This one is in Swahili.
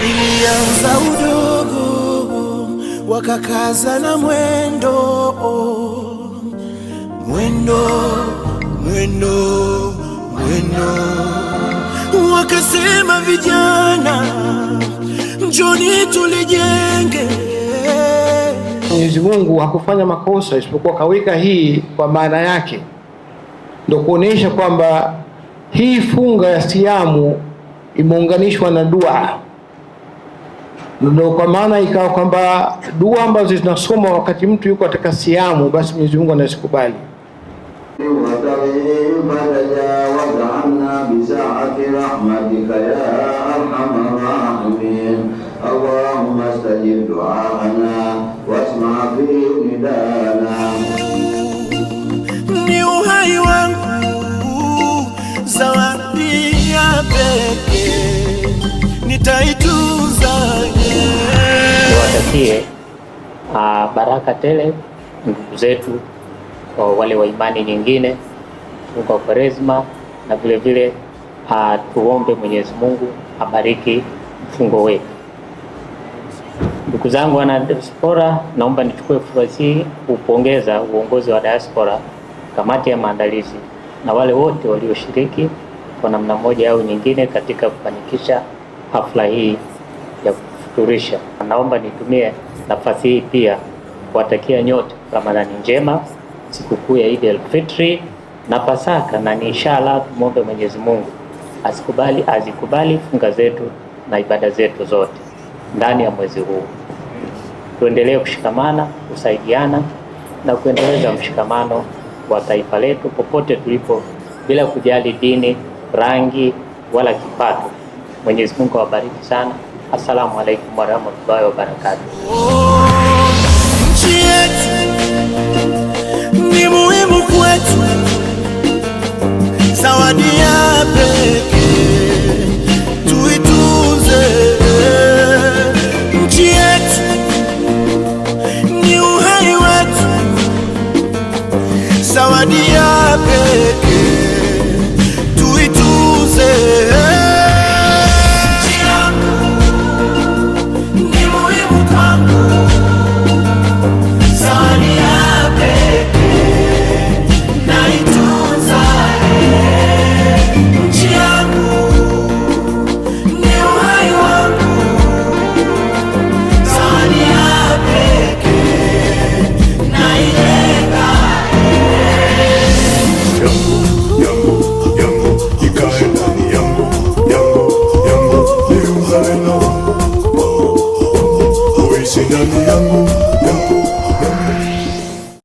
Ilianza udogo, wakakaza na mwendo mwendo mwendo mwendo, wakasema vijana, njoni tulijenge. Mwenyezi Mungu hakufanya makosa isipokuwa kaweka hii kwa maana yake ndio kuonesha kwamba hii funga ya siamu imeunganishwa na dua, ndio kwa maana ikawa kwamba dua ambazo zinasoma wakati mtu yuko katika siamu, basi Mwenyezi Mungu anazikubali. zawadi ah, baraka tele ndugu zetu kwa wale wa imani nyingine kwa Kwaresma na vile vile a, ah, tuombe Mwenyezi Mungu abariki mfungo wetu. Ndugu zangu wana diaspora, naomba nichukue fursa hii kupongeza uongozi wa diaspora, kamati ya maandalizi na wale wote walioshiriki kwa namna moja au nyingine katika kufanikisha hafla hii ya kufuturisha. Naomba nitumie nafasi hii pia kuwatakia nyote Ramadhani njema, sikukuu ya Eid al fitri na Pasaka, na ni inshallah tumwombe Mwenyezi Mungu asikubali azikubali funga zetu na ibada zetu zote ndani ya mwezi huu. Tuendelee kushikamana, kusaidiana na kuendeleza mshikamano wa taifa letu popote tulipo bila kujali dini rangi wala kipato. Mwenyezi Mungu awabariki sana. Assalamu alaikum warahmatullahi wabarakatuh. Nchi yetu ni muhimu kwetu, zawadi ya pekee tuitunze. Nchi yetu ni uhai wetu, zawadi ya pekee damu yangu